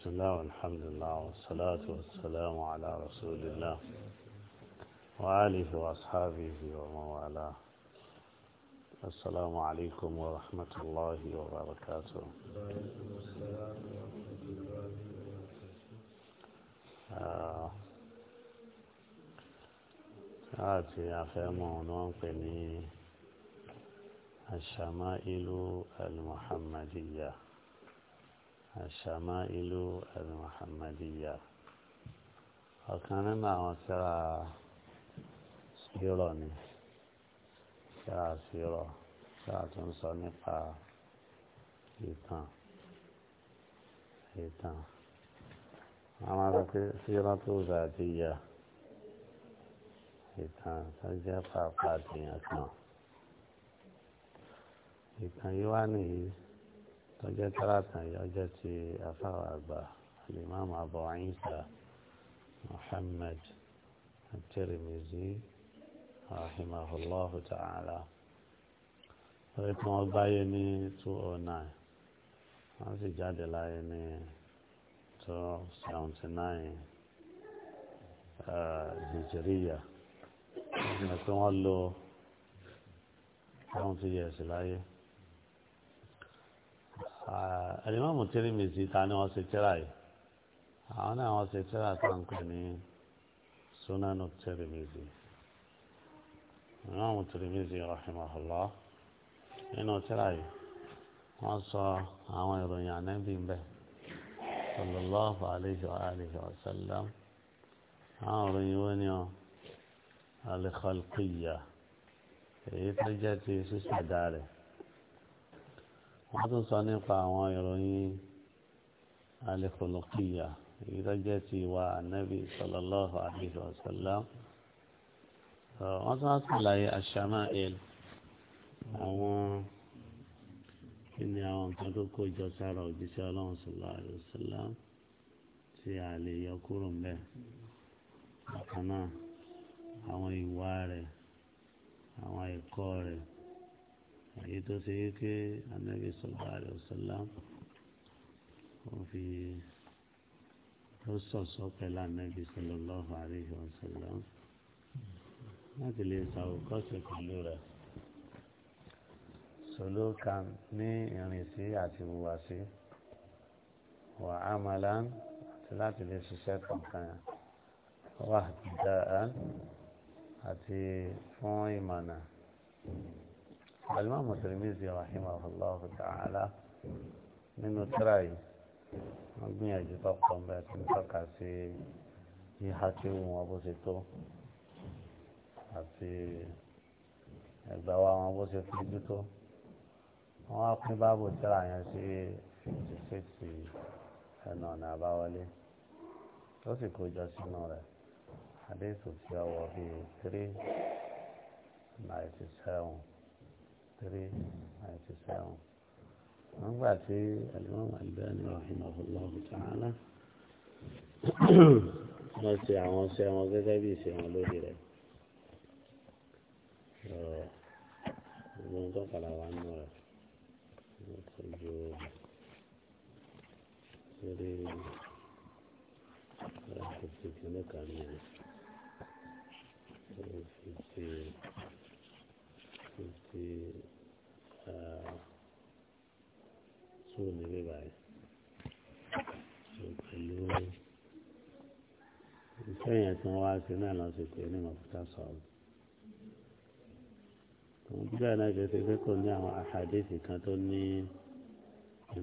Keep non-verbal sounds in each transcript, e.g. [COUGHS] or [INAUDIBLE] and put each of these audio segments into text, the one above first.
بسم الله والحمد لله والصلاة والسلام على رسول الله وآله وأصحابه ومن والاه السلام عليكم ورحمة الله وبركاته آه، آتي أفهمون وانقني الشمائل المحمدية الشمائل المحمدية وكان معه سرى سيراني سرى سيرا سرى تنصنقا إيطان إيطان عمارة سيرة ذاتية إيطان سجفا قاتل أكنا إيطان يواني tọ́jọ́ tààtàn yìí ọjọ́ ti afáwà àgbà alimami abu isa muhammad tirimizi rahimahullahu ta'ala lórí pé wọ́n gbáyé ní two oh nine wọ́n sì jáde láyé ní two seventy nine uh, pé wọ́n lo seventy years láyé alimami ah, Tirmidhi ta ni wọ́n ṣe tírà yìí àwọn náà wọ́n ṣe tírà kan pè ní sunanu Tirmidhi alimami Tirmidhi rahimahullah nínú tírà yìí wọ́n sọ àwọn ìròyìn ànábì ń bẹ sallallahu alayhi wa alihi wa sallam àwọn ìròyìn wo ni ọ alikọlùkìyà èyí tó jẹ́ ti sísàdá rẹ̀ wọ́n tún sọ nípa àwọn ìròyìn alikolokiya èyí tó jẹ́ ti wa anabi sallallahu alayhi wa sallam wọ́n tún ṣàlàyé aṣ-ṣamā'il àwọn kí ni àwọn nǹkan tó kó jọ sára òjíṣẹ́ ọlọ́run sallallahu alayhi tí a lè yọ kúrò mbẹ́ bákan náà àwọn ìwà rẹ̀ àwọn ẹ̀kọ́ rẹ̀ èyí tó ṣe é pé anabi sallallahu alaihi wasallam wọn fi ó sọ̀sọ́ pẹ̀lú anabi sallallahu alaihi wasallam láti lè ṣàwòkọ́ṣe pẹ̀lú rẹ̀ sọlọ kan ní ìrìnsí àti ìhùwàsí wà á màlá àti láti lè ṣiṣẹ́ kankan wà dáa àti fún ìmọ̀nà alimami Tirmidhi rahimahullahu ta'ala nínú tírà yìí wọ́n gbìyànjú tó pọ̀ ń bẹ́ẹ̀ tí ń tọ́ka sí ìhà tí ó wọn bó ṣe tó àti ẹgbẹ́ wa wọn bó ṣe fojú tó wọ́n á pín báàbò tírà yẹn sí fifty six ẹnu ọ̀nà àbáwọlé tó sì kójọ sínú rẹ̀ adéṣù tí ó wọ bíi three ninety seven three ninety seven wọ́n gbà tí alimami alibani rahimahullahu ta'ala [COUGHS] wọ́n ṣe àwọn ṣe wọn gẹ́gẹ́ bí ìṣe wọn lórí rẹ̀ gbogbo nǹkan padà wà nù rẹ̀ wọ́n ti ju lórí fifty kìíní kan nìyẹn fifty fifty. kúrò níbí báyìí pẹ̀lú iṣẹ́ yẹn tí wọ́n wá sí náà lọ sí pé ní mọ̀kútà sọ̀rọ̀ àwọn bíbá náà ṣe ṣe pé kò ní àwọn àkàdéṣì kan tó ní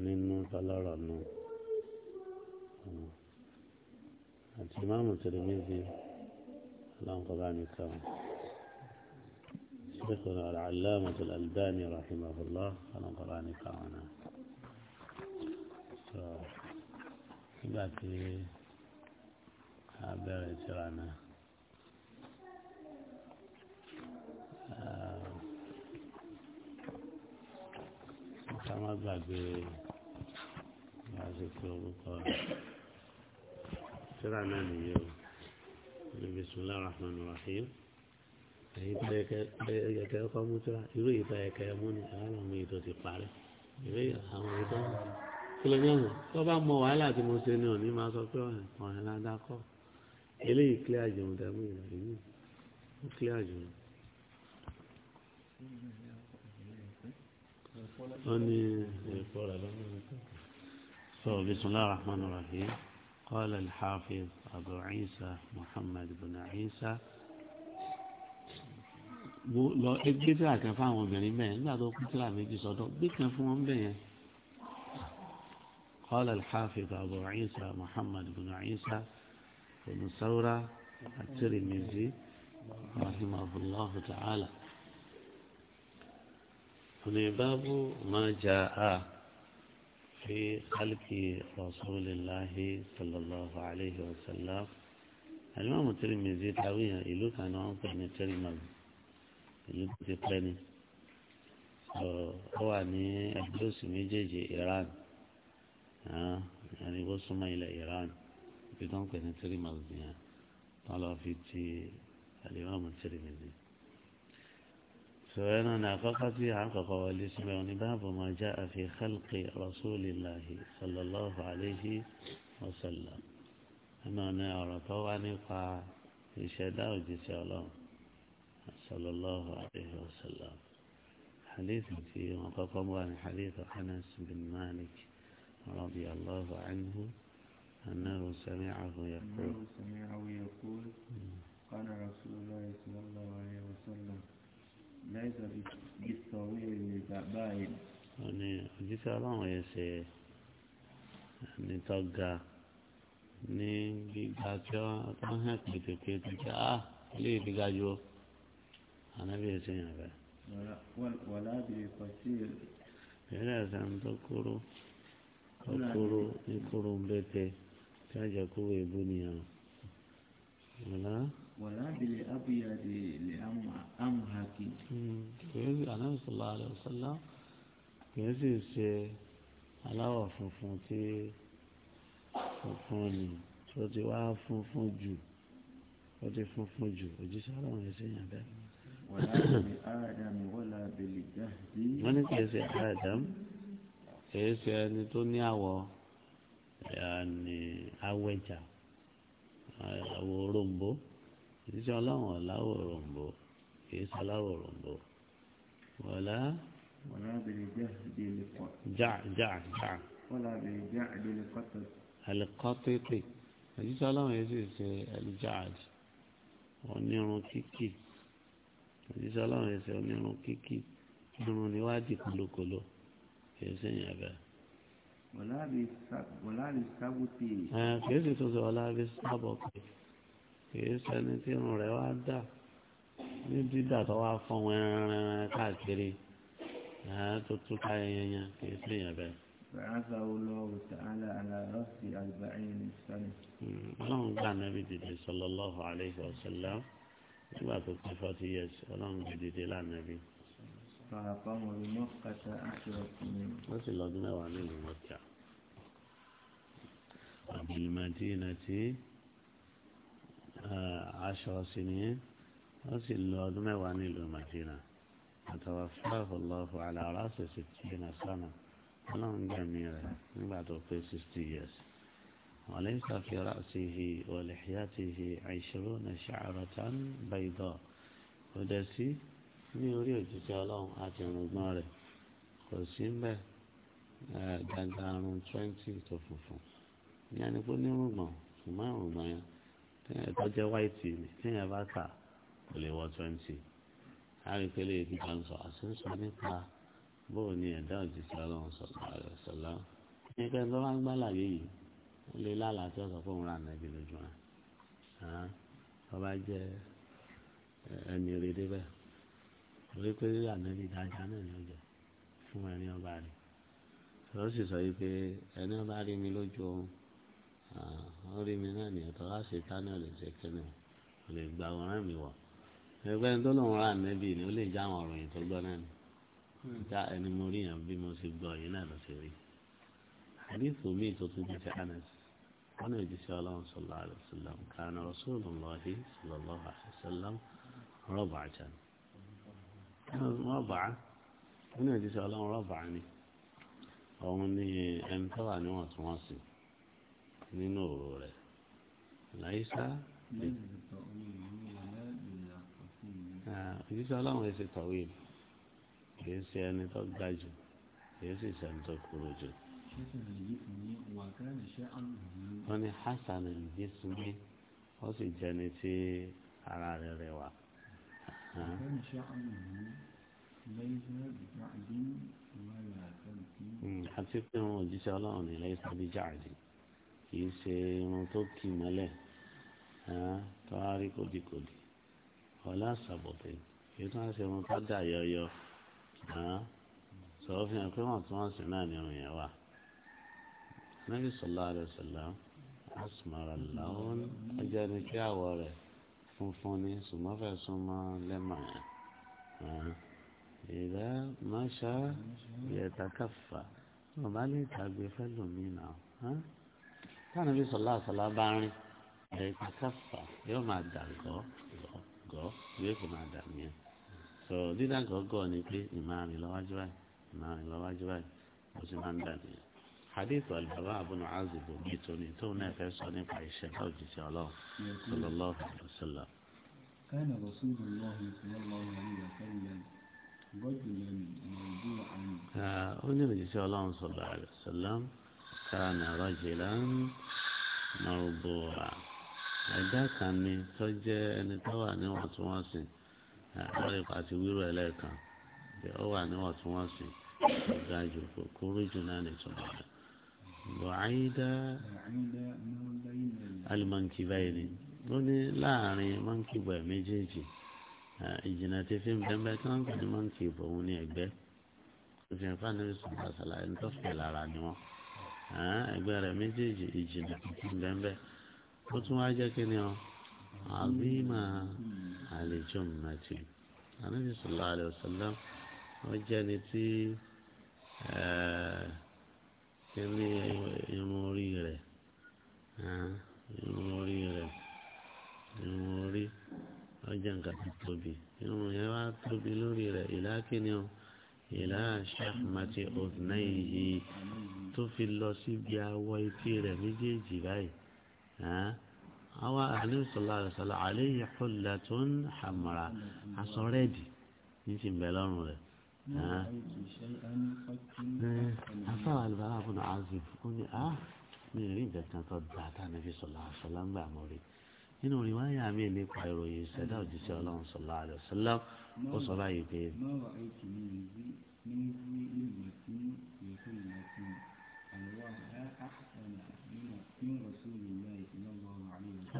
nínú tọ́lọ́rọ̀ náà àti máàmù tìrìmìzì aláǹkọ̀bá mi kàn شيخنا العلامة الألباني رحمه الله أنا قراني كعنا tó nígbà tí a bẹ̀rẹ̀ síra náà. Ah, ká má gbàgbé lásìkò orúkọ síra náà nìyí o níbi sùnlá rahman rahim èyí tó yẹ kẹ ọkọ mú síra irú ìta yẹ mú ni àwọn ọmọ ètò ti parí ìwé àwọn ètò kìlómítà tó bá mọ wàhálà tí mo ṣe ni òní máa sọ pé ọ̀hìn ọ̀hìn ládàkọ́ eléyìí kílẹ̀ àjùmọ̀ dàbí ìrìn ó kílẹ̀ àjùmọ̀. wọ́n ní ẹ̀kọ́ rẹ̀ lọ́nà ìpínlẹ̀. سو بسم الله الرحمن الرحيم قال الحافظ أبو عيسى محمد بن عيسى mo lọ gbé tíra kan fáwọn obìnrin bẹ́ẹ̀ nígbà tó kú tíra méjì sọ́dọ̀ gbé kan fún wọn bẹ́ẹ̀ yẹn قال الحافظ أبو عيسى محمد بن عيسى بن ثورة الترمذي رحمه الله تعالى هنا باب ما جاء في خلق رسول الله صلى الله عليه وسلم الإمام الترمذي تعويها إلو كان أنقل من الترمذي إلو تقلني هو أني أبلوس ميجيجي إيران آه، يعني وصل إلى إيران بدون كذا تريم الدنيا طالع في تي الإمام الترمذي سواء ناققتي عقق والاسمعون باب ما جاء في خلق رسول الله صلى الله عليه وسلم أما نرى طوعا يقع في شهداء شداء الله صلى الله عليه وسلم حديث في مقام حديث أنس بن مالك رضي الله عنه أنه سمعه يقول أنه سمعه يقول قال رسول الله صلى الله عليه وسلم ليس بالطويل بعيد أني جيت الله يسي أني تقع ní gbígbà tí wọn tó ń hàn pètèpètè kí á ilé ìgbéga jù ànábì ẹsẹ yàn bẹ. wàlá àbí ìfọ̀sí. ìrẹsẹ̀ ń tó kúrú ọkọrọ ẹkọrọ bẹtẹ tí a jẹ kó wẹ bó ni àwọn. wàlá. wàlá bìlẹ̀ abúyàdì lè amúhàkì. Hmm, kìí anábì sọlá alẹ́ ọ̀sálá kìí sì ṣe aláwọ̀ funfun tí funfun ni tó ti wá funfun jù ó ti funfun jù òjíṣẹ́ ọlọ́run ẹ̀ sẹ́yìn abẹ́. wàlá bìlẹ̀ ádámù wàlá bìlẹ̀ jáde. wọ́n ní kìí ṣe ádámù kìí ṣe ẹni tó ní àwọ̀ ní awẹ́jà àwọ̀ òròǹbó kìí ṣe ọlọ́run ọ̀làwọ̀ òròǹbó kìí ṣe ọlọ́run òròǹbó wọ̀lá. wọ̀lá bẹ̀rẹ̀ jà dé lè kọ́. jà jà jà. wọ̀lá bẹ̀rẹ̀ jà dé lè kọ́ tó. àlìkọ́tẹ́tẹ̀ òjíṣẹ́ ọlọ́run yìí sì ṣe ẹlìjáàdì onírun kíkì òjíṣẹ́ ọlọ́run yìí ṣe onírun kíkì irun níwájú kòlókòló kì í ṣe yẹn bẹ́ẹ̀. kì í sì tún sọ ọlábi sábọ̀kì kì í ṣẹni tí irun rẹ̀ wá dà ní dídà tó wá fọ́n wẹ́rẹ́rẹ́rẹ́ káàkiri tó tún ká yẹn yẹn kì í yẹn bẹ́ẹ̀. بعثه الله تعالى على رأس أربعين سنة اللهم كان نبي صلى الله عليه وسلم وقت صفاتي يس اللهم جديد إلى النبي فأقام بمكة عشر سنين مثل أبناء وعليه مكة وبالمدينة آه، عشر سنين مثل أبناء وعليه المدينة فتوفاه الله على رأس ستين سنة ولهم جميلة بعد في ستياس وليس في رأسه ولحياته عشرون شعرة بيضاء ودسي ní orí òjíṣẹ́ ọlọ́run àti ìrùngbọ́n rẹ̀ kò sí mbẹ́ dandarun twenty tó funfun ìyẹn ni pé ní ìrùngbọ̀n ṣùgbọ́n ìrùngbọ̀n yẹn téèyàn tó jẹ́ white ni téèyàn bá kà kò lè wọ twenty láàrin pé léyìí ti kàn sọ àṣìṣe nípa bóò ni ẹ̀dá òjíṣẹ́ ọlọ́run sọ̀rọ̀ rẹ̀ sọ̀lá ní pé ní wọ́n gbá làyè yìí ó lè lálàá tí ó sọ fóun rà nàbí lójú rẹ̀ tó bá jẹ́ ẹni rí débẹ̀ torí pé ànábì dáadáa náà ni ó jẹ fún ẹni ọba rẹ sọ̀rọ̀ sì sọ yìí pé ẹni ọba rí mi lójú ohun ó rí mi náà nìyẹn tó wá sí tánà lè jẹ kẹ́nà ò lè gba ọ̀ràn mi wọ̀ ẹgbẹ́ tó lòun rà nẹ́bì ni ó lè já àwọn ọ̀rọ̀ yẹn tó gbọ́ náà ni já ẹni mo rí yẹn bí mo ṣe gbọ́ yẹn náà ló ṣe rí àdìsù mi tó tún jẹ́ anas wọn lè jíṣẹ́ ọlọ́run sallallahu alaihi wasallam kana rasulullahi sallallahu alaihi wasallam rọ́bà àjànù. rọ́bàá nínú ìdíṣẹ́ ọlọ́run rọ́bàá ni ọ̀hun ni ẹni tó wà níwọ̀ntúnwọ̀nsì nínú òru na láìsá ìdíṣẹ́ ọlọ́run ẹ̀sìn tọ̀wé kìí ṣe ẹni tó ga jù kìí sì ṣe ẹni ọ ara Hmm, àti pé àwọn òjíṣẹ́ ọlọ́run ní ilé ìsàbí jáàdì kì í ṣe irun tó kì mọ́lẹ̀ tọ́wárí kòdìkòdì ọ̀la ṣàbọ̀tẹ̀ kì í tún ṣe irun tó dà yọyọ sọ̀rọ̀ fi hàn pé wọ́n tún wọ́n sì náà ní irun yẹn wà. Nabi sallallahu alaihi wasallam asmara làwọn ọjà ní kí àwọ̀ rẹ̀ funfun ni ṣùgbọ́n fẹ́ súnmọ́ lẹ́mọ̀ yẹn ìdá máṣá yẹtàkàfà wọn bá lè tàgbé fẹlòmínà táwọn ibi sọlá àṣàlá bá rìn yẹtàkàfà yóò máa dà gọ́ gọ́ yóò kò máa dà mí ẹ sọ dídà gọ́gọ́ ni pé ìmáàrin lọ́wájú báyìí ìmáàrin lọ́wájú báyìí ó sì máa ń dà mí ẹ hadith al-bara ibn azib bi toni tó náà fẹ́ sọ nípa iṣẹ́ tó jìṣẹ́ ọlọ́run sallallahu alayhi wa sallam. كان رسول الله صلى الله عليه وسلم رجلا موضوعا النبي صلى الله عليه وسلم كان رجلا موضوعا ẹ̀dá kan ni tó jẹ́ ẹni tó wà níwọ̀ntúnwọ̀nsì lórí pàtí wíwọ̀ ẹlẹ́ẹ̀kan ó wà níwọ̀ntúnwọ̀nsì ọ̀gá jù kúrú jù náà nìtúmọ̀ rẹ̀ bọ̀ọ́yìdá alimankibayini ó ní láàrin mọ́nkìbọ̀ méjèèjì ìjìnà tí fi ń bẹ́ńbẹ́ tí wọ́n ń pè ní mọ́nkìbọ̀ òun ní ẹ̀gbẹ́ òfin ìfá níbi sọ̀rọ̀ àṣàlà ẹni tó fẹ̀ lára ni wọ́n ẹgbẹ́ rẹ̀ méjèèjì ìjìnà tí fi ń bẹ́ńbẹ́ ó tún wá jẹ́ kí ni ọ àbí máa àlejò mọ̀tì àníbi sọ̀rọ̀ àlẹ́ òṣèlú ó jẹ́ ni tí ẹ̀ẹ́ kíní irun orí rẹ̀ irun orí rẹ̀ irun orí ọjà nǹkan tó tóbi irun yẹn wá tóbi lórí rẹ̀ ìlà kíni o ìlà ṣàfùmátì ọ̀dùnà yìí tó fi lọ síbi awọ etí rẹ̀ méjèèjì báyìí àwa àlùsọ̀lá àlùsọ̀lá àlẹ́ yìí kò lẹ́tọ̀ọ́ hàmàrà aṣọ rẹ́ẹ̀dì ní ti bẹ̀ lọ́rùn rẹ̀ afa alibara fún azim ó ní a mi rí nǹkan kan tó da tánàbí sọlá sọlá ń gbà mọ rí nínú rí wáyà mi lè pa ìròyìn ìṣẹ̀dá òjíṣẹ́ Ọlọ́run sọlá rẹ sọlá ó sọ báyìí pé.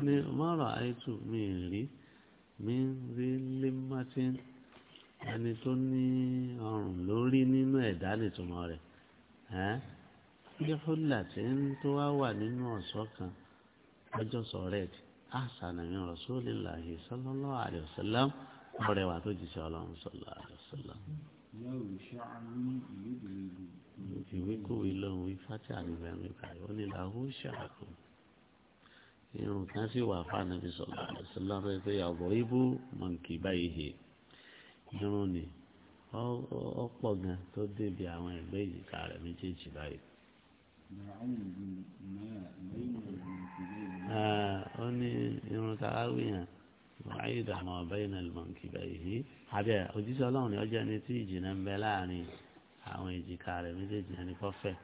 ní mọ́rọ̀ àìtù mi rí mi rí lẹ́mọ́tì ẹni tó ní ọrùn lórí nínú ẹ̀dá nìtumọ̀ rẹ̀ ẹ́ bí fúlà tí ń tó wá wà nínú ọ̀ṣọ́ kan ọjọ́ sọ̀rẹ́ ti àṣàlàyé Rasulullahi sallallahu alaihi wasallam ọ̀rẹ́ wa tó jìṣẹ́ ọlọ́run sallallahu alaihi ìwé kòwé lòun wí fati àgbègbè mi ó ní làwọn ṣàkóso irun kan sì wà fún Ànábì sallallahu pé ọ̀bọ̀ ibú mọ̀nkì báyìí irun ni ọ̀pọ̀ gan tó débi àwọn ẹ̀gbẹ́ ìjìká rẹ̀ méjèèjì báyìí. ó ní irun tarawí yẹn wàhálì dàmọ́ ọ̀bẹ́yìn ẹlmọ̀nkì báyìí àbẹ̀ òjíṣẹ́ ọlọ́run ni ọjọ́ ẹni tí ìjìnà ń bẹ láàrin àwọn ìjìká rẹ̀ méjèèjì ẹni kọ́ fẹ́.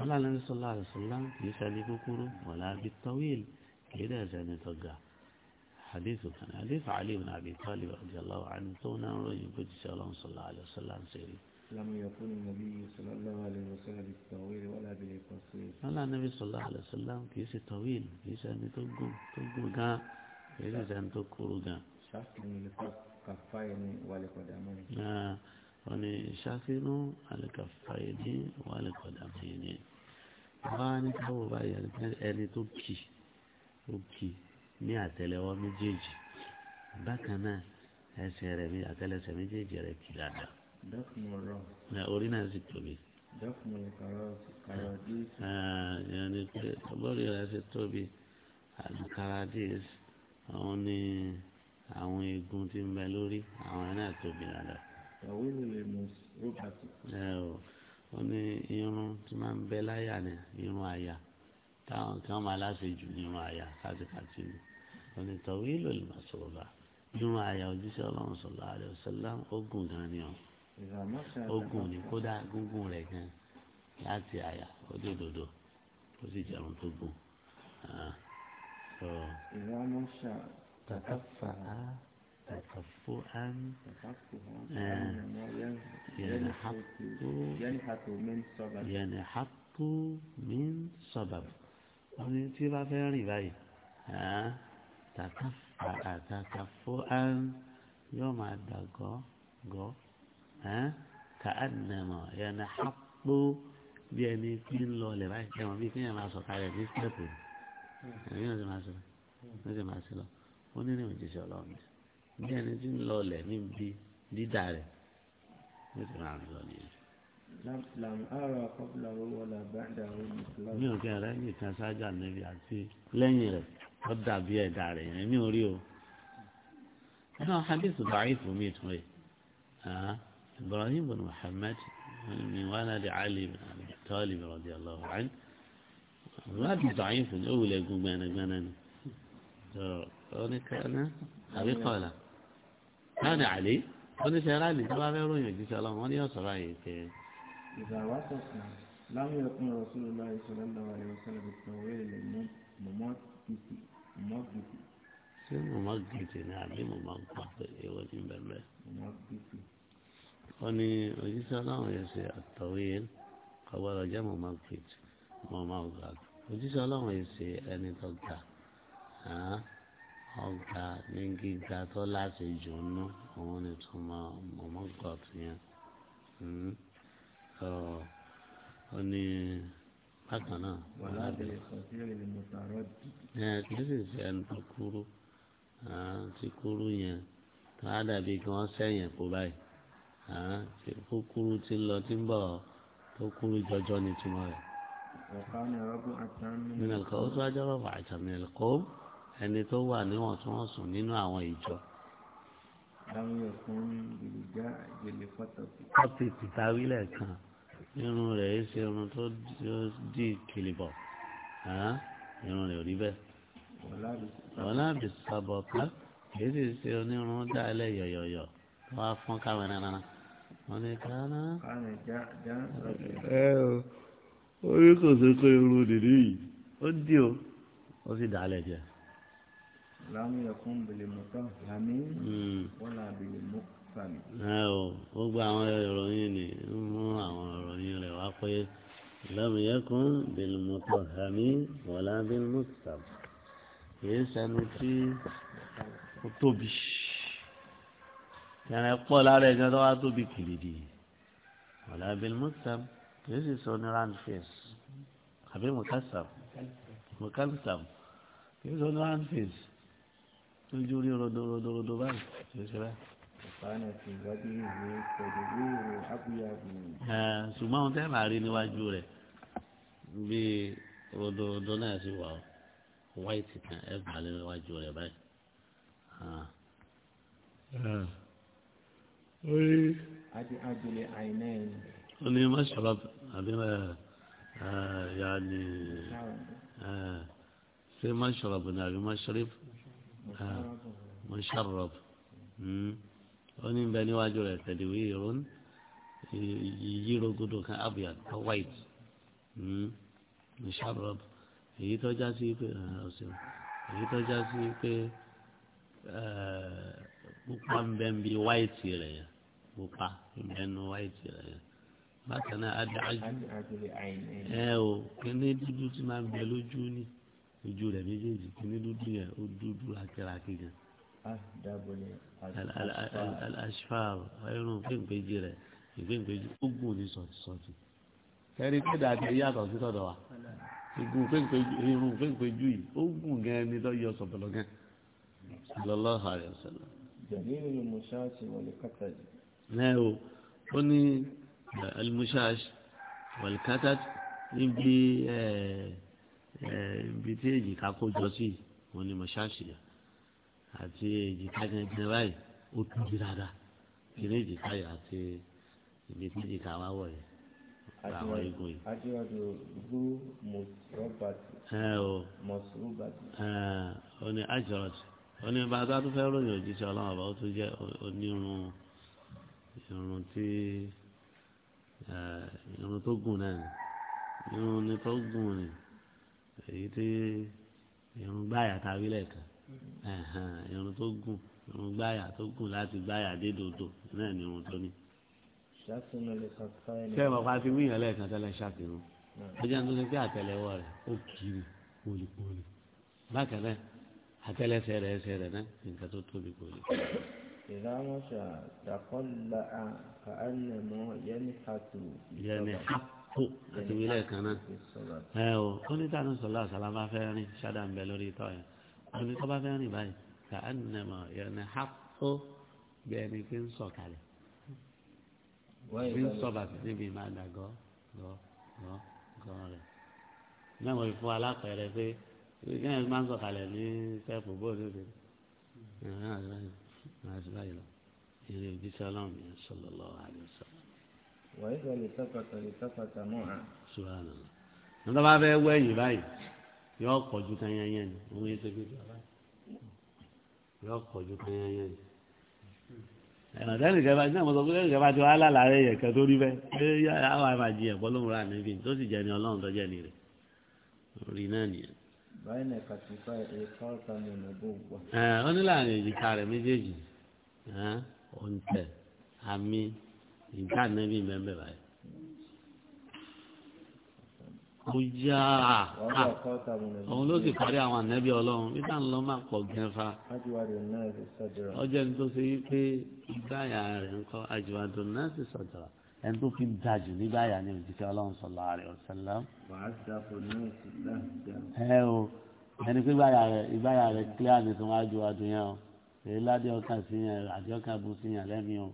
ọlọ́run sọlá àṣọlá kì í ṣe kúkúrú wọ̀lá bí tọ́wíìlì. كده زين تلقى حديث كان حديث علي بن أبي طالب رضي الله عنه تونا رجل قد سلام صلى الله عليه وسلم سيري لم يكن النبي صلى الله عليه وسلم بالطويل ولا بالقصير لا النبي صلى الله عليه وسلم كيس طويل كيس أن تلقوا تلقوا كان كيس أن تلقوا كان شاكين لكفين ولقدمين آه وني شاكين على كفين ولقدمين وأنا كهو بايا أنا توكي ó kì ní àtẹ́lẹwọ́ méjèèjì bákan náà ẹsẹ̀ rẹ̀ mi àtẹ́lẹsẹ̀ méjèèjì rẹ̀ kì dáadáa. orí náà sì tóbi. yẹnni pé bọ́ọ̀lù rẹ̀ sì tóbi àlùkàràdìs àwọn ní àwọn eegun tí ń bẹ lórí àwọn náà tóbi dáadáa. ẹ ò wọ́n ní irun tí máa ń bẹ láyà ni irun àyà táwọn kan máa láṣejù nínú àyà kátikáti ni onítọ̀wé ìlò ìmọ̀sọ̀rọ̀lá nínú àyà ojúṣe ọlọ́run sọ̀lá àlẹ́ ọ̀sẹ̀lá ogun gan ni ọ ogun ni kódà gúngùn rẹ̀ gan láti àyà òdòdó ó sì jẹun tó gùn. ìlànà ṣà tàkàfà tàkàfà yẹnìhàtú min sọ̀bàbù wọ́n ní tí bá fẹ́ rìn báyìí tàkàtàkà fún án yóò máa dà gọ́ gọ́ ká á nàmọ̀ yẹn hápó bí ẹni tí ń lọ lẹ̀ báyìí ẹ̀wọ̀n bíi kéèyàn máa sọ̀kalẹ̀ ní sẹ́ẹ̀pù ẹ̀mí náà ti máa sọ̀rọ̀ ló sì máa sí lọ ó ní ìrìn òjijì ọlọ́run bí ẹni tí ń lọ lẹ̀ níbi dídà rẹ̀ ló sì máa rìn lọ nìyẹn mi ò kí ẹ̀rẹ́ nìkan ṣáájú ànábì àti lẹ́yìn rẹ̀ ó dàbí ẹ̀dà rẹ̀ yẹn mi ò rí o. ẹnu hadith bàáyì fún mi tún rè ah, ibrahim bin muhammed min waladi ali bin abi talib radiyallahu anhu láti bàáyì fún ó wulẹ̀ gun gbẹnagbẹna ni oníkanna àbí kọ́lá láti àlè oníṣẹ́ ráàlì tó bá fẹ́ ròyìn òjíṣẹ́ ọlọ́run wọn ni yóò sọ̀rọ̀ àyè pé. إذا وصف لم يكن رسول الله صلى الله عليه وسلم بالطويل الممدد ممدد ṣé mọ̀mọ́gìtì ni àbí mọ̀mọ́gbàgbé èwo ní bẹ̀rẹ̀ wọ́n ní òjíṣẹ́ ọlọ́run yẹn ṣe àtọ̀wé kọ́gbọ́dọ̀ jẹ́ mọ̀mọ́gìtì mọ̀mọ́gbàgbé òjíṣẹ́ ọlọ́run yẹn ṣe ẹni tó ga ọ̀gá ní gíga tó láti jù ú nú òun ni tó mọ̀ mọ̀mọ́gbàgbé yẹn ọ ní bákan náà wàhálà bẹ̀rẹ̀ ẹ kì í sì ṣe ẹni tó kúrú ti kúrú yẹn tó á dàbí kí wọ́n sẹ́yìn kó báyìí kó kúrú ti ń lọ tí ń bọ̀ tó kúrú jọjọ ní túmọ̀ rẹ̀. nínú ẹ̀kọ́ ó tún ajá bàbá àjàmì ẹ̀kọ́ ẹni tó wà níwọ̀ntúnwọ̀nsùn nínú àwọn ìjọ. láwọn ẹ̀kọ́ ń gbèlè pàtàkì. pàtàkì tàwílẹ̀ kan irun rẹ̀ yìí ṣe irun tó dì kìlìbọ̀ irun rẹ̀ ò rí bẹ́ẹ̀. ọ̀la bì sábọ̀ ká kìí sì ṣe onírun dálẹ̀ yọ̀yọ̀yọ̀ tó wá fún káwọn nana wọn ni kánà. ẹ o orí kò sí pé irun dìde yìí ó dì o ó sì dálẹ̀ díẹ̀. láwọn yẹ fún bèlè mọ́tò lámì hmm. wọ́n là mọ́tò ẹ o gbogbo àwọn ìròyìn ni ń mú àwọn ìròyìn rẹ̀ wá pé lọ́mìyẹ́kùn bìlmùtọ̀ hàmí wọ̀lá bìlmùtọ̀ kìí sẹnu tí ó tóbi yẹnlẹ pọ̀ lára ẹ̀jẹ̀ tó wá tóbi kìlìdì wọ̀lá bìlmùtọ̀ kìí sì sọ ní round face àbí mùkásàm mùkásàm kìí sọ ní round face lójú rí rodorodo báyìí kìí sọ báyìí ṣùgbọ́n ohun tẹ́ bá rí níwájú rẹ̀ bí ododo náà sì wà ó white kan ẹ bá rí níwájú rẹ̀ báyìí. ó ní mọ́ṣálá àbí yà ni ṣé mọ́ṣálá bùnà àbí mọ́ṣálá mọ́ṣálá ó ní bẹ níwájú rẹ̀ tẹ̀lẹ̀wé ìrún yírogodo kan abuyad tó white musharab hmm. èyí tó já sí pé èyí tó já sí pé pupa ń bẹ ń bi white rẹ̀ yẹn pupa ń bẹ nu white rẹ̀ yẹn bákan náà adájú ẹ o kíní dúdú tí máa ń bẹ lójú ní ojú rẹ̀ méjèèjì kíní dúdú yẹn ó dúdú akérakè gan al-ashfar irú gbẹ̀ngbẹ̀jì rẹ̀ ìgbẹ̀ngbẹ̀jì ogun ní sọ̀tìsọ̀tì kẹ́rin pé dàdé yàtọ̀ sí sọ̀dọ̀ wa igun irun gbẹ̀ngbẹ̀jì yìí ogun gan ni lọ́ yọ sọ̀bọ̀lọ̀ gan sallallahu alaihi wasallam. jẹ̀lẹ́rì ni musaasi wọlé kátàjì. ẹ o ó ní al-musaasi wọlé kátàjì níbi ibi tí èjì kakó jọ sí òun ni musaasi yẹn àti èjìká gangan báyìí ó tóbi dáadáa kìíní èjìká yìí àti ibi tí èjìká wá wọ̀ yẹn àwọn igun yìí. aṣíwájú bú mọ̀sùrùbàtì. ẹ o mọ̀sùrùbàtì. ẹ ọ ní àjọrọ̀tì ọ ní bàtà tó fẹ́ ròyìn òjíṣẹ́ ọlọ́run ọba ó tún jẹ́ onírun irun tí irun tó gùn náà irun ni tó gùn ni èyí tí irun gbáyà tàbí lẹ́ẹ̀kan irun tó gùn irun gbáyà tó gùn láti gbáyà dé dòdò náà ni irun tó ní. ṣé ẹ mọ̀ pa ti wíyàn lẹ́ẹ̀kan tẹ́lẹ̀ ṣàfihàn ó jẹ́ nítorí pé àtẹ́lẹwọ́ rẹ̀ ó kiri pòlìpòlì bákan náà àtẹ́lẹsẹ̀ rẹ̀ ẹsẹ̀ rẹ̀ náà nǹkan tó tóbi pòlì. ìdámọ̀ṣà dàkọ́lá kàánẹ̀mọ́ yẹnì hàtó. yẹnì hàtó àti wílẹ̀ kan náà. ẹ o ó ní sọlá sàlámà fẹ́ rìn ṣáda ń bẹ lórí ìtọ́ yẹn àbí tó bá fẹ́ rìn báyìí kà á nà mọ̀ yẹn ha tó bí ẹni pé ń sọ kalẹ̀ bí ń sọ bàtí níbi máa dà gọ́ gọ́ gọ́ gọ́ rẹ̀ náà mo fún alápẹ̀rẹ̀ pé kíkẹ́yìn máa ń sọ kalẹ̀ ní sẹ́ẹ̀pù bóòlù rẹ̀ àti báyìí lọ ìrìn òjíṣẹ́ ọlọ́run yẹn sallallahu alaihi wasallam. wàá ìgbà lè sọ́kọ̀tà lè sọ́kọ̀tà mọ́ àá. sùrọ̀ nígbà bá fẹ́ wẹ̀yìn báyìí yọ kọjú kanyanya ni òun yẹn ṣe bíbí ọba yọ kọjú kanyanya ni ẹnà tẹni kẹfà sí àwọn sọfún tẹni kẹfà tí wọn alálà rẹ yẹ kẹtó rí bẹ ẹ yà á wà máa jiyàn bọ́ lóhùn rà níbi tó sì jẹ ní ọlọ́run tó jẹ ní rẹ orí náà nìyẹn. báyìí náà kàtúfà ẹ̀ka ọ̀tá ni ọ̀nà bó ẹ ọ ní láàrin èjìká rẹ méjèèjì ọ̀ǹtẹ̀ àmì ìdá nẹ́bí mẹ́mbẹ̀ báyìí mo yá ah. a òun ló sì parí àwọn ànábì ọlọ́run nígbà ńlọ máa pọ̀ gan fa ọjọ́ ẹni tó ṣe wípé ìgbáyà rẹ̀ ń kọ́ àjùwádùn náà sì sọ̀dọ̀rọ̀ ẹni tó fi ń dájú nígbàyà ni òjìṣẹ́ ọlọ́run sọ̀lá rẹ̀ ọ̀sẹ̀lá. ẹ o ẹni pé ìgbáyà rẹ̀ ìgbáyà rẹ̀ clear ní tiwọn àjùwádùn yẹn o èyí ládé ọkàn sí yẹn àdé ọkàn bù sí yẹn lẹ́mìí o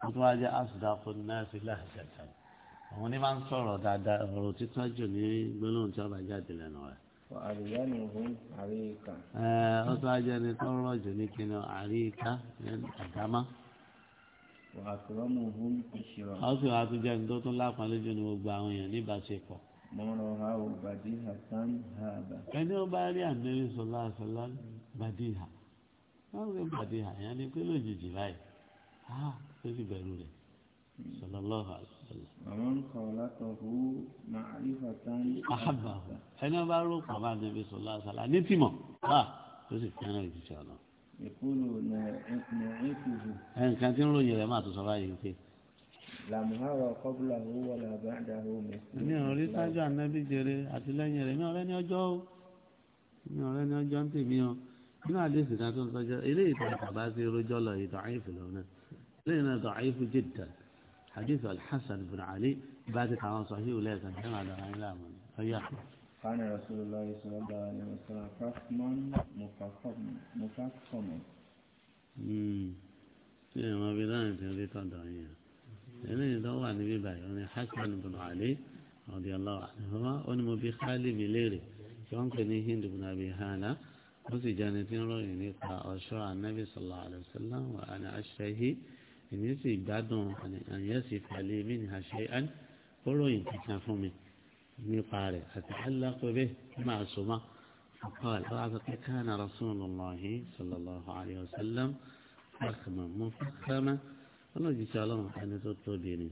wọ́n tún wá jẹ́ àṣùdàkùn náà sí láàṣẹ̀ tẹ̀lé àwọn ní máa ń sọ̀rọ̀ dáadáa ọ̀rọ̀ títún jù ní gbólóhùn tí wọ́n bá jáde lẹ́nu rẹ̀. àríyá ni òun àríyíká. ẹ ó tún ajẹ́ ni tó rọ̀ jù ní kíni àríyíká àdámá. wàá sì wàá tún jẹ́ ni tó tún lápá lójú ni gbogbo àwọn èèyàn níbàṣepọ̀. mọ̀rọ̀ ha ò bàdí hasan haaba. ẹni ó bá rí àmì sọlá sọlá bàdí ha wọ́n rí bàdí ha ìyẹn ni pé lójijì báyìí ah ó sì bẹ̀rù rẹ̀ sallallahu alaihi wasallam. àwọn kan látọ̀ fún màálífà tán. àhàbà ẹni wọn bá rò pọ̀ bá níbi sọlá sàlá ní tìmọ̀ wá ó sì fẹ́ràn ìjíṣẹ́ ọ̀nà. ìkúlù nà ẹ̀kùnrin. ẹnìkan tí ń ròyìn rẹ̀ máa tó sọ báyìí pé. làmúhàrọ̀ kọ́bùlà owó wọlé àbáńdà omi. mi ò rí sájú ànábì jèrè àtìlẹ́yìn rẹ̀ mi ò rẹ́ni ọjọ́ o mi ò rẹ́ni ọjọ́ ń tèmi o nínú àdéhùn ìdájọ́ ń sọjọ́ eléyìí tó ń bá sí rojọ́ lọ ìdọ̀ àyè fìlọ́ náà lẹ́yìn náà ìdọ̀ àyè fún jìdá حديث الحسن بن علي بعد كان صحيح ولا تنحن على غير فيا قال رسول الله صلى الله عليه وسلم فخما مفخما في ما بداية في تضعية يعني دوا نبي باي يعني حسن بن علي رضي الله عنه عنهما ونمو بخالي مليري كان كني هند بن أبي هانا وسي جانتين رأيني اشرع النبي صلى الله عليه وسلم وأنا أشتهي èmi sì gbádùn àyẹ̀ sì fàlẹ́ mí ní àṣẹ án ó ròyìn kankan fún mi nípa rẹ̀ àti alákòwé máa sọ ma فقال كان رسول الله صلى الله عليه وسلم فخما مفخما الله جي سلام أنا تطبيني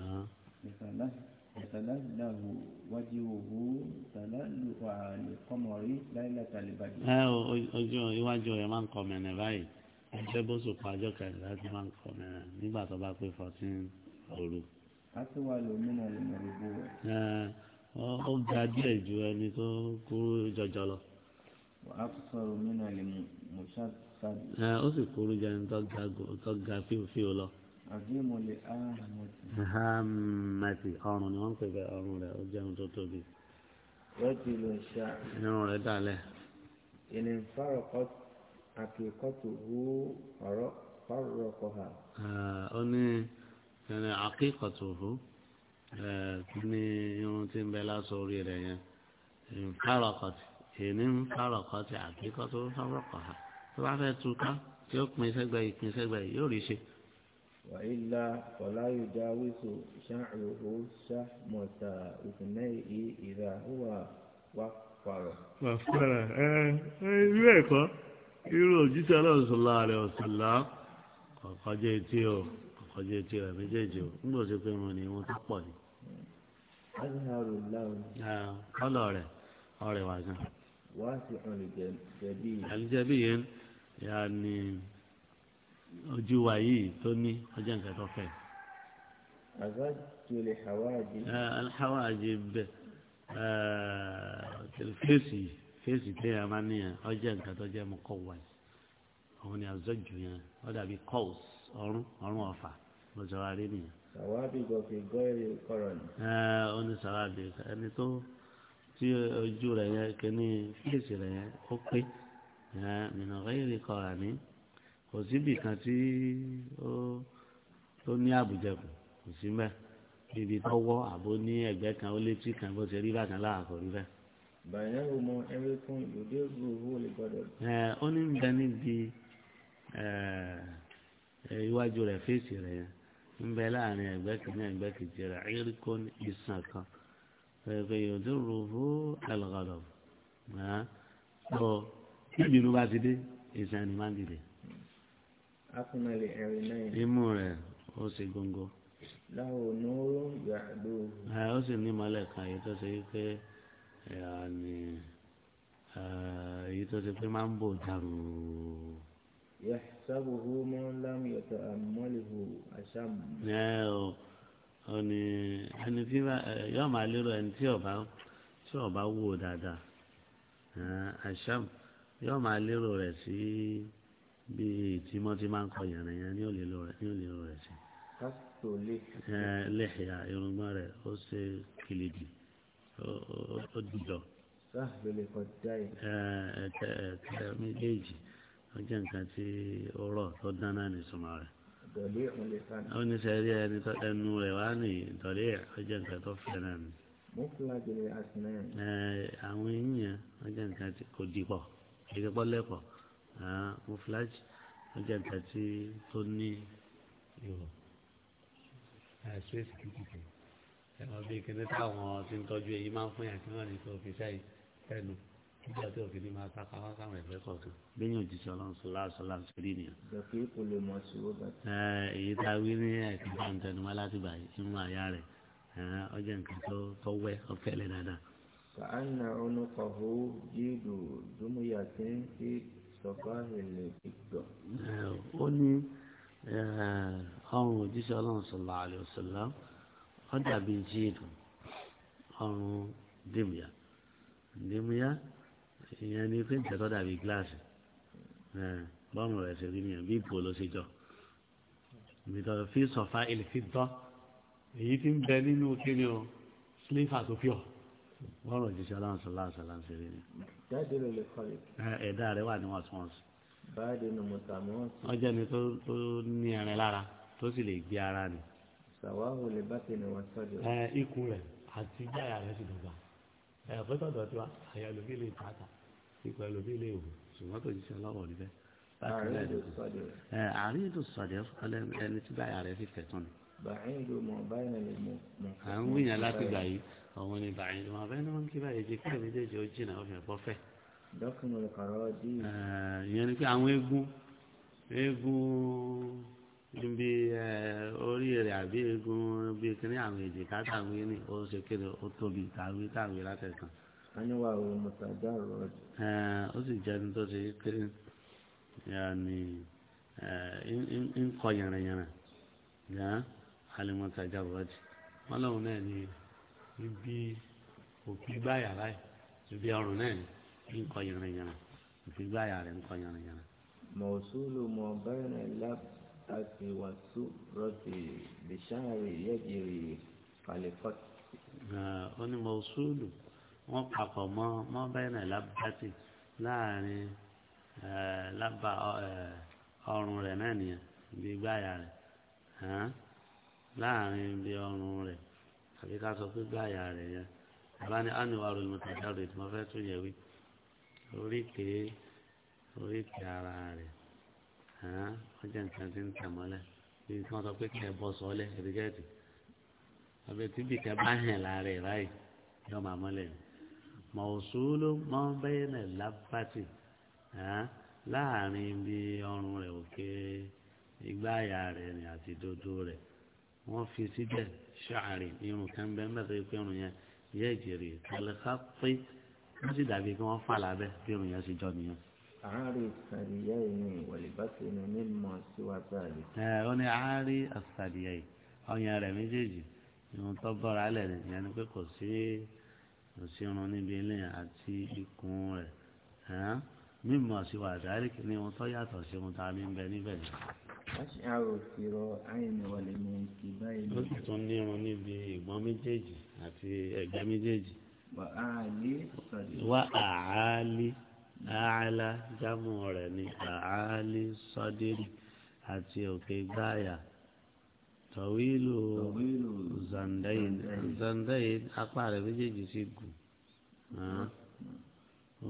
ها يتلذذ وجهه تلألؤ عن القمر ليلة البدر ها وجهه يواجهه يمان قومنا باي ẹgbẹ́ bó sùn pàjọ́ kẹrìnlá ti máa ń kọ́ mẹ́rin nígbà tó bá pé fourteen òru. aṣíwá ló múnà lè mọ ìbú rẹ. ó ga díẹ̀ ju ẹni tó kúrú jọjọ lọ. wàá sọ̀rọ̀ múnà lè mú ṣáàbì. ó sì kúrú jẹ ẹni tó ga fíofío lọ. àdéhùn lè áhàmẹ́tì. áhàmẹ́tì ọrùn ni wọ́n ń pè ọrùn rẹ̀ ó jẹun tó tóbi. wọ́n ti lọ ṣá. irun rẹ̀ dálẹ̀. ìlẹ̀ ń àkíkọ́tùhù ọ̀rọ̀ fárọ̀kọ̀hà. ó ní ẹni àkíkọ̀tùhù ní irun tí ń bẹ lásán orí rẹ̀ yẹn ìfárọ̀kọ̀tì èmi ń fárọ̀kọ̀tì àkíkọ̀tùhù fárọ̀kọ̀hà tó bá fẹ́ túká tí ó pin sẹ́gbẹ̀ẹ́ ìpín sẹ́gbẹ̀ẹ́ yóò rí ṣe. wàhálà ọ̀làyùdá wíṣọ ṣáàrùhù ṣàmọ̀tà òkùnlẹ̀ ìrà wà wà fàrọ̀. ẹ ẹ ilé ẹ̀kọ́ irú òjíṣẹ́ ọlọ́run sọlá rẹ̀ ọ̀sọ̀lá ọ̀kọ́jọ́ etí o ọ̀kọ́jọ́ etí rẹ̀ méjèèjì o nígbà tó pé wọn ni wọn tó pọ̀ ni. kọ́lọ̀ rẹ̀ ọ̀rẹ́ wa gan. àlùjẹ̀bí yẹn yà ni ojú wa yìí tó ní ọjọ́ nǹkan tó fẹ́. àgbájọ lè hàwáàjì. alhàwáàjì bẹ́ẹ̀ tẹlifíṣì eh, yìí fèsì tẹ ẹ máa níyàn ọjẹ nǹkan tó jẹ mọ kọ wáyé òun ni àzọjù yẹn ó dàbí kọls ọrùn ọrùn ọfà mo sọ wa rí nìyẹn. sàwábì gòkè gọ́ọ̀rì kọ̀rọ̀ ni. ẹ ó ní sàwábì ẹni tó tí ojú rẹ yẹn kíní fèsì rẹ yẹn ó pé ẹ mìíràn gọ́ọ̀rì kọ̀rọ̀ ni kò síbì kan tí ó tó ní àbùjẹkù kò sí mẹ ibi tó wọ àbó ní ẹgbẹ́ kan ó létí kan bó ṣe rí bákan láàkó rí bẹ́ẹ̀ bàyá ọmọ ẹrẹ fún ìlòdì òwò lè gbọ́dọ̀. ó ní ń bẹ níbi iwájú rẹ̀ fèsì rẹ̀ yẹn ń bẹ láàrin ẹgbẹ́ kìíní ẹgbẹ́ kejì rẹ̀ ẹríkó ìsàn kan pẹpẹ ìlòdì òwò àlọkọdọ ọ níbi inú bá ti dé ìsàn ni máa ń dìde. akunalẹ̀ ẹ̀rín náà. imú rẹ̀ ó ṣe góńgó. láwo ní ó yàgbó. ó sì ní ìmọ̀lẹ̀ kan èyí tó ṣe wípé èyí tó ti pé máa ń bò dàrú. yahsabuhu man lam yata'ammalhu asham. ẹ o ọ ni ẹni tí eh, yóò máa lérò ẹni tí ọba tí ọba wò dáadáa eh, asham yóò máa lérò rẹ̀ sí bí tìmọ́tì máa ń kọ yànnà yẹn ni ó lérò rẹ̀ sí. lẹ́hìá eh, irun mọ́ rẹ̀ ó ṣe kìlìdì ó dùjọ. ẹ̀ẹ́dẹ̀ méjèèjì ó jẹ́ nǹkan tí ó rọ̀ tó dáná ní sùnmọ́ rẹ̀. ó ní sẹ́rí ẹni tó ẹnu rẹ̀ wá ní ìtọ́lé ó jẹ́ nǹkan tó fẹ́ náà ni. àwọn èèyàn ó jẹ́ nǹkan tí kò dìpọ̀ ìdíkọ́ lẹ́pọ̀ mo fìlájì ó nǹkan tí tó ní ìwọ̀ àìsí èsì kíkìkì ẹ̀wọ̀n bíi kíní táwọn ti ń tọ́jú èyí máa ń fún yàn kí wọ́n ní kó fi sẹ́yìn fẹ́nu nígbà tí òfin ní máa ta káwọn sáwọn ẹ̀fẹ́ kọ̀ọ̀kan lẹ́yìn òjíṣẹ́ ọlọ́run sọlá sọlá sórí nìyẹn. èyí tá a wí ní ẹ̀ka bá ń tẹnu wá láti bàyí nínú àyà rẹ̀ ọjọ́ nǹkan tó wẹ́ ọ̀fẹ́ lẹ́ dáadáa. kàánà ọ̀nùkọ̀hó jíìdù dùmúyàtí sí sọ̀fà ìlẹ̀ ìgbọ̀. ó ní ọrùn òjíṣẹ́ ọlọ́run sọlá àlè wọ́n dàbí jíìlù ọrùn dìmúyà dìmúyà ìyẹn ní pé nǹkan tó dàbí gíláàsì bọ́ọ̀mù rẹ̀ ṣe rí nìyẹn bí ìbò ló ṣe jọ ìbìtọ̀ fi sọ̀fà ilẹ̀ fi dán èyí tí ń bẹ nínú kíni o sílífà tó fi ọ̀ bọ́ọ̀rù òjíṣẹ́ ọlọ́run sọlá sọlá ń ṣe rí ni. jáde ló lè kọ́ ẹ̀dá rẹ̀ wà níwọ̀ntúnwọ̀nsì. báyìí ni mo tà mọ́. ọjọ́ ni tó ní ẹran lára tó sì lè gbé ara ni sàwáwò lè bá tẹ̀lé wọn sọ́jọ́. ẹ ikùn rẹ àti gbáyà rẹ ti dọ̀gba ẹ pẹ́tọ̀dọ̀ tiwa àyà lómi lè tààtà ikùn ẹ lómi lè wò ṣùgbọ́n tó jíṣẹ́ lọ́wọ́ níbẹ̀. àárín ètò sọ̀dẹ̀ ẹni tí gbáyà rẹ ti fẹ̀ tán ni. bàáyìndò mọ̀ báyìí lè mọ̀. à ń wíyàn láti gbà yìí àwọn ni bàáyìndò mọ̀ báyìí lọ́wọ́ kí báyìí jẹ́ kílẹ̀ méjèèjì ó jìnnà ó fẹ́ bọ́ fẹ́. dọ́kùnrin kọ̀ọ̀rọ̀ dì ìyẹn ni pé àwọn eégún eégún. níbi orí rẹ̀ àbí egun bí kíní àwọn èjìká tàwé ní ó ṣe kéde ó tóbi tàwé tàwé látẹ̀kàn. aníwá òun mọ̀tàdá rọ̀. ó sì jẹ́ ní tó ṣe pé yàní ń kọ yànnàyànnà gan alimọ̀tàdá rọ̀ jù wọ́n náà ní ibi òkú gbáyà láì ibi ọrùn náà ní ń kọ yànnàyànnà òkú gbáyà rẹ̀ ń kọ yànnàyànnà. mọ̀ الأسر والسرة بشعر يجري فالفت هنا موصول مبحق ما ما بين لبتي لا يعني لبا ọrùn rẹ̀ náà nìyẹn ibi gbáyà rẹ̀ láàrin ibi ọrùn rẹ̀ àbí ká sọ pé gbáyà rẹ̀ yẹn bàbá ní ánìwárò ìmọ̀tàjáde tí wọ́n fẹ́ tún yẹ wí oríkèé oríkèé ara rẹ̀ wọ́n jẹ́ nǹkan tí ń tà mọ́lẹ̀ bí wọ́n sọ pé kí ẹ bọ́ sọ́lẹ̀ ẹ̀dígẹ́tì àbẹ̀ tí bí kẹ bá hàn lára ẹ̀ báyìí yọ máa mọ́lẹ̀ mọ̀ọ́sùlù mọ́ bẹ́ẹ̀ náà lápàtì láàrin bí ọrùn rẹ̀ òkè igbáyà rẹ̀ ni àti dodo rẹ̀ wọ́n fi síbẹ̀ ṣáàrì irun kan bẹ́ẹ̀ mẹ́ta pé irun yẹn yẹ́ ìjèrè kálíkà pé wọ́n sì dàbí kí wọ́n fà lábẹ́ bí irun yẹn ṣe jọ nìyẹn àárí sàdìyà ìní ìwọ̀lìbáṣe ni mímọ síwájú àlè. ẹ ó ní àárí àsàdìyà yìí ọyàn rẹ méjèèjì irun tó bọ́ra lẹ̀ ni ìyẹn ni pé kò sí kò sí irun níbi ilé àti ikùn rẹ̀ mímọ síwájú àlè kì ní ohun tó yàtọ̀ sí ohun tá a ní bẹ níbẹ̀ ni. aṣááru kìrọ àyìnbó wọlé mú kí báyìí. ó sì tún ní irun níbi ìgbọ́n méjèèjì àti ẹ̀gbẹ́ méjèèjì. wà á lé sàdìyà. wà á lé. àlà jámù rẹ̀ ní àálí sọ́dírì àti òkè gbáyà tọ̀wílù zandayin zandayin apá rẹ̀ méjèèjì sí ọ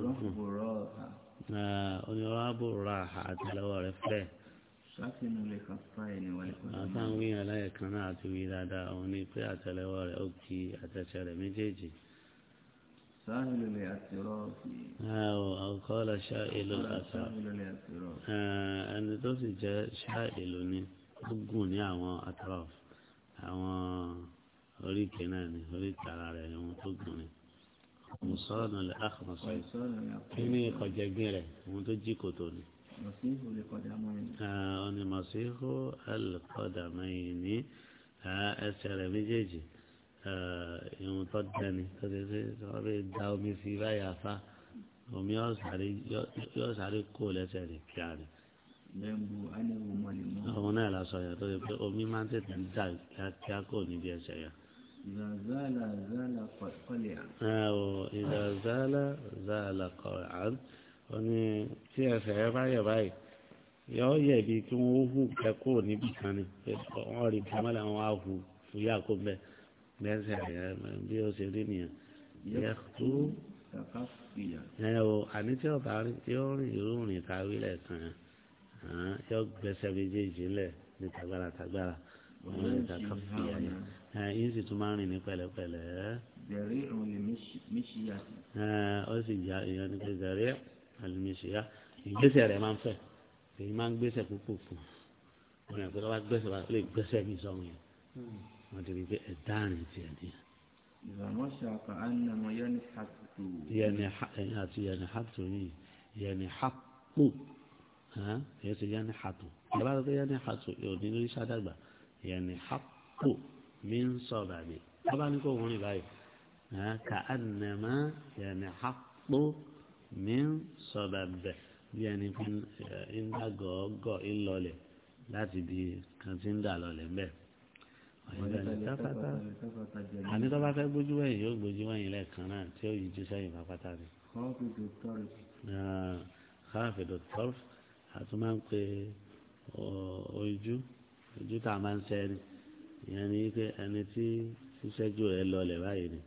onírọ̀ àbúrò àhà àti lọ́wọ́ rẹ̀ fẹ́. àtàwọn wíyàn láyẹ̀ kan náà àti wí dáadáa òun ni pé ó kí ساهل الاعتراف أو أو قال شائل الأثر أن توصي شائل gbogbo ní àwọn atraf àwọn oríkè náà ni oríkè ara rẹ ni wọn tó gùn ni musọ́ọ̀nù lè àkànṣe kí ni ìkọ̀jẹ̀gbìn rẹ wọn tó jí kòtò ni. ọ̀nì màsíhù alìkọ́dàmẹ́yìn ní ẹsẹ̀ rẹ̀ méjèèjì ìrùn eh, tó dẹni tó ti ṣe wọ́n fi da omi sí báyìí afá omi yóò sáré kó lẹ́sẹ̀ rẹ̀ kíá rẹ̀. ọmọ náà la sọ yẹn tó ṣe pé omi máa ń tètè ń dà kíákíá kó níbi ẹsẹ̀ yẹn. Ìzàzálà zálà kọ̀ọ̀lẹ̀. Ẹ o ìzàzálà zálà kọ̀ọ̀lẹ̀ ọ̀ni tí ẹsẹ̀ ẹ bá yẹ báyìí yọ yẹ bí kí wọ́n hù kẹ́kọ̀ọ́ níbì kan ni wọ́n rí kí wọ́n lẹ́sẹ̀ bí ó ṣe rí nìyẹn yẹtú yẹn o àní tí ọba yóò rìn irú rìn káwí lẹ́ẹ̀kan yóò gbẹ́sẹ̀ méjèèjì lẹ̀ ní tagbára tagbára wọn lè ta káfíà yẹn yín sì tún máa ń rìn ní pẹ̀lẹ́pẹ̀lẹ́. zẹ̀rí òun lè míṣíyà. ó sì já ìyẹn ní pé zẹ̀rí òun lè míṣíyà ìgbésẹ̀ rẹ̀ máa ń fẹ̀ èyí máa ń gbésẹ̀ púpọ̀ fún un. wọn yàn gbésẹ̀ wọ́n lè gbésẹ̀ mi sọ̀rọ̀ wọ́n ti rí pé ẹ̀dá àrùn tiẹ̀ ni. ìyẹn àti yẹn hàtó yìí yẹn hàpò yẹn ti yẹn hàtó ìyàbá tó yẹn hàtó òní lórí sádàgbà yẹn hàpò mi ń sọ̀rọ̀ àbí wọ́n bá ní kó wọ́n rìn báyìí kà á nàmá yẹn hàpò mi ń sọ̀rọ̀ àbẹ̀ bí ẹni pé ń dàgọ́ ọgọ́ ìlọlẹ̀ láti di kàn ti ń dà lọlẹ̀ bẹ́ẹ̀ àní tó bá fẹ́ gbójú wẹ̀yìn yóò gbójú wẹ̀yìn lẹ́ẹ̀kan náà tí ó yíjú sẹ́yìn bá pátá ni. káàfì dòtọ́rù àti máa ń pe ojú ojú tá a máa ń sẹ́ ni ìyẹn ni pé ẹni tí ṣíṣẹ́jú rẹ̀ lọlẹ̀ báyìí ni.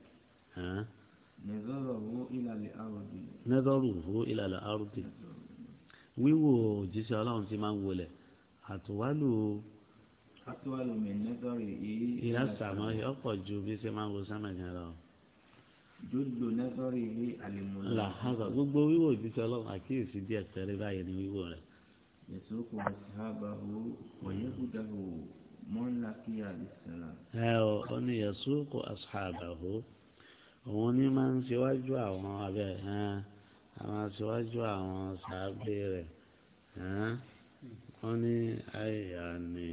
nẹ́tọ́rù hu ìlàlẹ̀ àrùdì wíwò òjíṣẹ́ ọlọ́run ti máa ń wọlẹ̀ àtùwálù ìyá sàmọ́ ọ̀pọ̀ ju bí ṣe máa ń wo sámẹ̀gàn lọ. jòdò nẹ́sọ̀rì ilé àlèmọ́. làhàzà gbogbo wíwò ìdíje ọlọ́run àkíyèsí díẹ̀ pẹ̀lú báyìí ní wíwò rẹ̀. ètò kò sábà wo wọ̀nyẹ́kùdà wò mọ́ńlá kí àdìsẹ́là. ẹ ọ ọ ní yasuku ashabahu òun ní máa ń ṣíwájú àwọn abẹ àwọn aṣíwájú àwọn sàábẹ rẹ wọn ní àyà ni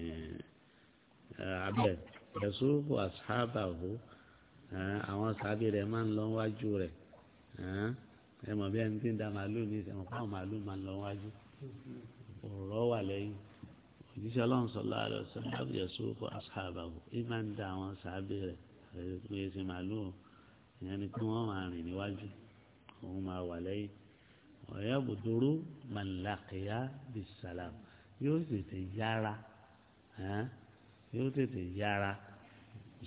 abẹ yasubu ashabahu àwọn sábì rẹ máa ń lọ wájú rẹ ẹ mọ bí ẹni tí ń da màálù ní ìsẹmọ fún àwọn màálù máa ń lọ wájú ọ̀rọ̀ wà lẹ́yìn òjíṣẹ́ Ọlọ́run sọlá rẹ sọlá yasubu ashabahu ẹ máa ń da àwọn sábì rẹ ẹ sì màálù ìyẹn ni kí wọn máa rìn níwájú òun máa wà lẹ́yìn ọ̀yà bùdúrú màlákìá bisalam yóò sì ti yára yóò tètè yára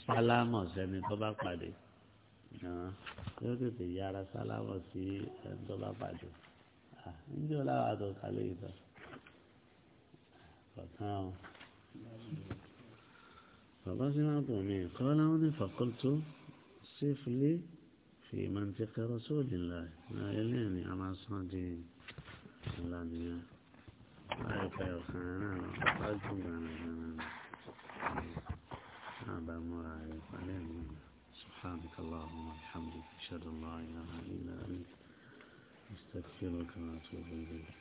sálámọ̀ sẹ́ni tó bá pàdé yóò tètè yára sálámọ̀ sí ẹni tó bá pàdé níjẹ́ ọláwà tó kálé ìtọ́ kọ̀tán o. bàbá sí máa bọ̀ mí kọ́ láwọn ní fàkọ́tò sífìlì fi máa ń ti kẹ́rọ sóòdì ńlá náà eléyìí ni a máa sàn di ńlá nìyẹn. láìpẹ́ ọ̀sán náà lọ́jọ́ gbàǹgbàǹ. أبا معاذ علينا سبحانك اللهم وبحمدك أشهد أن لا إله إلا أنت أستغفرك وأتوب إليك